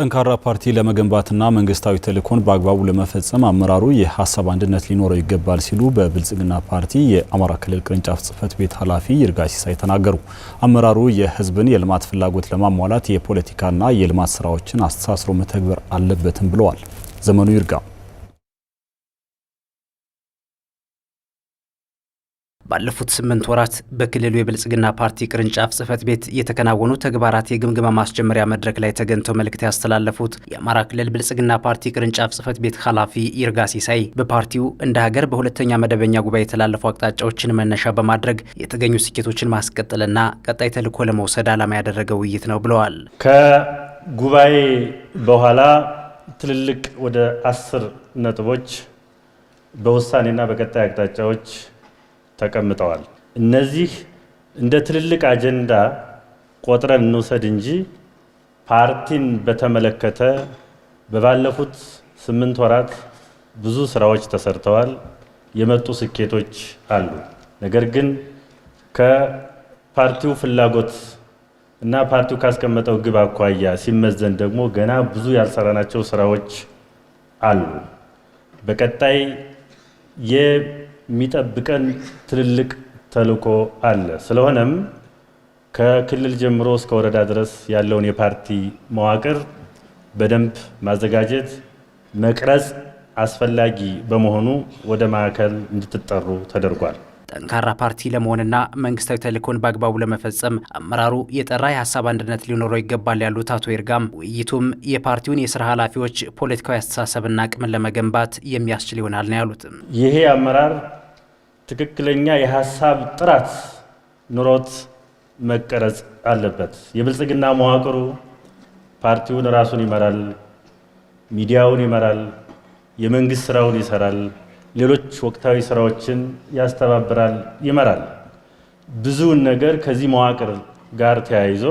ጠንካራ ፓርቲ ለመገንባትና መንግስታዊ ተልእኮን በአግባቡ ለመፈጸም አመራሩ የሀሳብ አንድነት ሊኖረው ይገባል ሲሉ በብልጽግና ፓርቲ የአማራ ክልል ቅርንጫፍ ጽህፈት ቤት ኃላፊ ይርጋ ሲሳይ ተናገሩ። አመራሩ የህዝብን የልማት ፍላጎት ለማሟላት የፖለቲካና የልማት ስራዎችን አስተሳስሮ መተግበር አለበትም ብለዋል። ዘመኑ ይርጋ ባለፉት ስምንት ወራት በክልሉ የብልጽግና ፓርቲ ቅርንጫፍ ጽህፈት ቤት የተከናወኑ ተግባራት የግምገማ ማስጀመሪያ መድረክ ላይ ተገኝተው መልእክት ያስተላለፉት የአማራ ክልል ብልጽግና ፓርቲ ቅርንጫፍ ጽህፈት ቤት ኃላፊ ይርጋ ሲሳይ በፓርቲው እንደ ሀገር በሁለተኛ መደበኛ ጉባኤ የተላለፉ አቅጣጫዎችን መነሻ በማድረግ የተገኙ ስኬቶችን ማስቀጠልና ቀጣይ ተልዕኮ ለመውሰድ ዓላማ ያደረገ ውይይት ነው ብለዋል። ከጉባኤ በኋላ ትልልቅ ወደ አስር ነጥቦች በውሳኔና በቀጣይ አቅጣጫዎች ተቀምጠዋል። እነዚህ እንደ ትልልቅ አጀንዳ ቆጥረን እንውሰድ እንጂ ፓርቲን በተመለከተ በባለፉት ስምንት ወራት ብዙ ስራዎች ተሰርተዋል። የመጡ ስኬቶች አሉ። ነገር ግን ከፓርቲው ፍላጎት እና ፓርቲው ካስቀመጠው ግብ አኳያ ሲመዘን ደግሞ ገና ብዙ ያልሰራናቸው ስራዎች አሉ። በቀጣይ የሚጠብቀን ትልልቅ ተልእኮ አለ። ስለሆነም ከክልል ጀምሮ እስከ ወረዳ ድረስ ያለውን የፓርቲ መዋቅር በደንብ ማዘጋጀት፣ መቅረጽ አስፈላጊ በመሆኑ ወደ ማዕከል እንድትጠሩ ተደርጓል። ጠንካራ ፓርቲ ለመሆንና መንግስታዊ ተልእኮን በአግባቡ ለመፈጸም አመራሩ የጠራ የሀሳብ አንድነት ሊኖረው ይገባል ያሉት አቶ ይርጋም ውይይቱም የፓርቲውን የስራ ኃላፊዎች ፖለቲካዊ አስተሳሰብና አቅምን ለመገንባት የሚያስችል ይሆናል ነው ያሉት። ይሄ አመራር ትክክለኛ የሀሳብ ጥራት ኑሮት መቀረጽ አለበት። የብልጽግና መዋቅሩ ፓርቲውን ራሱን ይመራል፣ ሚዲያውን ይመራል፣ የመንግስት ስራውን ይሰራል። ሌሎች ወቅታዊ ስራዎችን ያስተባብራል፣ ይመራል። ብዙውን ነገር ከዚህ መዋቅር ጋር ተያይዞ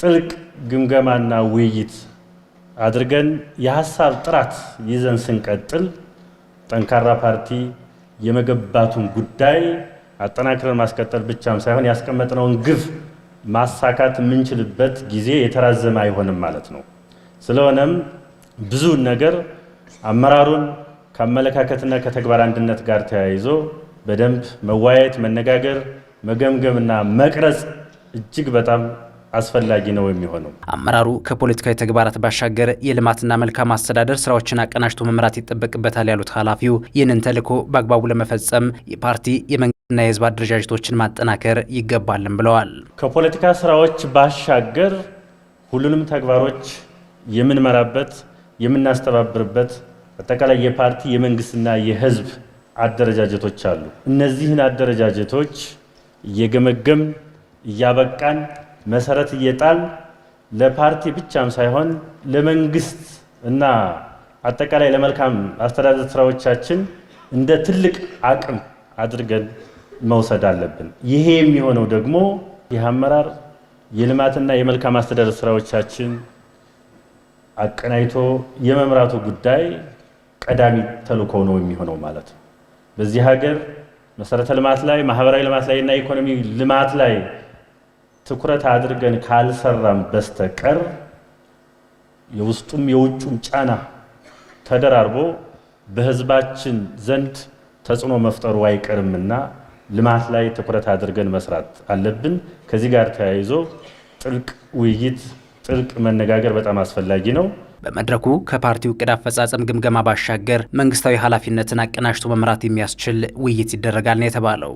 ጥልቅ ግምገማና ውይይት አድርገን የሀሳብ ጥራት ይዘን ስንቀጥል ጠንካራ ፓርቲ የመገንባቱን ጉዳይ አጠናክረን ማስቀጠል ብቻም ሳይሆን ያስቀመጥነውን ግብ ማሳካት የምንችልበት ጊዜ የተራዘመ አይሆንም ማለት ነው። ስለሆነም ብዙውን ነገር አመራሩን ከአመለካከትና ከተግባር አንድነት ጋር ተያይዞ በደንብ መወያየት፣ መነጋገር፣ መገምገምና መቅረጽ እጅግ በጣም አስፈላጊ ነው የሚሆነው። አመራሩ ከፖለቲካዊ ተግባራት ባሻገር የልማትና መልካም አስተዳደር ስራዎችን አቀናጅቶ መምራት ይጠበቅበታል ያሉት ኃላፊው ይህንን ተልዕኮ በአግባቡ ለመፈጸም የፓርቲ የመንግስትና የህዝብ አደረጃጀቶችን ማጠናከር ይገባልም ብለዋል። ከፖለቲካ ስራዎች ባሻገር ሁሉንም ተግባሮች የምንመራበት የምናስተባብርበት አጠቃላይ የፓርቲ የመንግስትና የህዝብ አደረጃጀቶች አሉ። እነዚህን አደረጃጀቶች እየገመገም እያበቃን መሰረት እየጣል ለፓርቲ ብቻም ሳይሆን ለመንግስት እና አጠቃላይ ለመልካም አስተዳደር ስራዎቻችን እንደ ትልቅ አቅም አድርገን መውሰድ አለብን። ይሄ የሚሆነው ደግሞ ይህ አመራር የልማትና የመልካም አስተዳደር ስራዎቻችን አቀናይቶ የመምራቱ ጉዳይ ቀዳሚ ተልእኮ ነው የሚሆነው ማለት ነው። በዚህ ሀገር መሰረተ ልማት ላይ ማህበራዊ ልማት ላይ እና ኢኮኖሚ ልማት ላይ ትኩረት አድርገን ካልሰራም በስተቀር የውስጡም የውጩም ጫና ተደራርቦ በህዝባችን ዘንድ ተጽዕኖ መፍጠሩ አይቀርምና ልማት ላይ ትኩረት አድርገን መስራት አለብን። ከዚህ ጋር ተያይዞ ጥልቅ ውይይት፣ ጥልቅ መነጋገር በጣም አስፈላጊ ነው። በመድረኩ ከፓርቲው እቅድ አፈጻጸም ግምገማ ባሻገር መንግስታዊ ኃላፊነትን አቀናጅቶ መምራት የሚያስችል ውይይት ይደረጋል ነው የተባለው።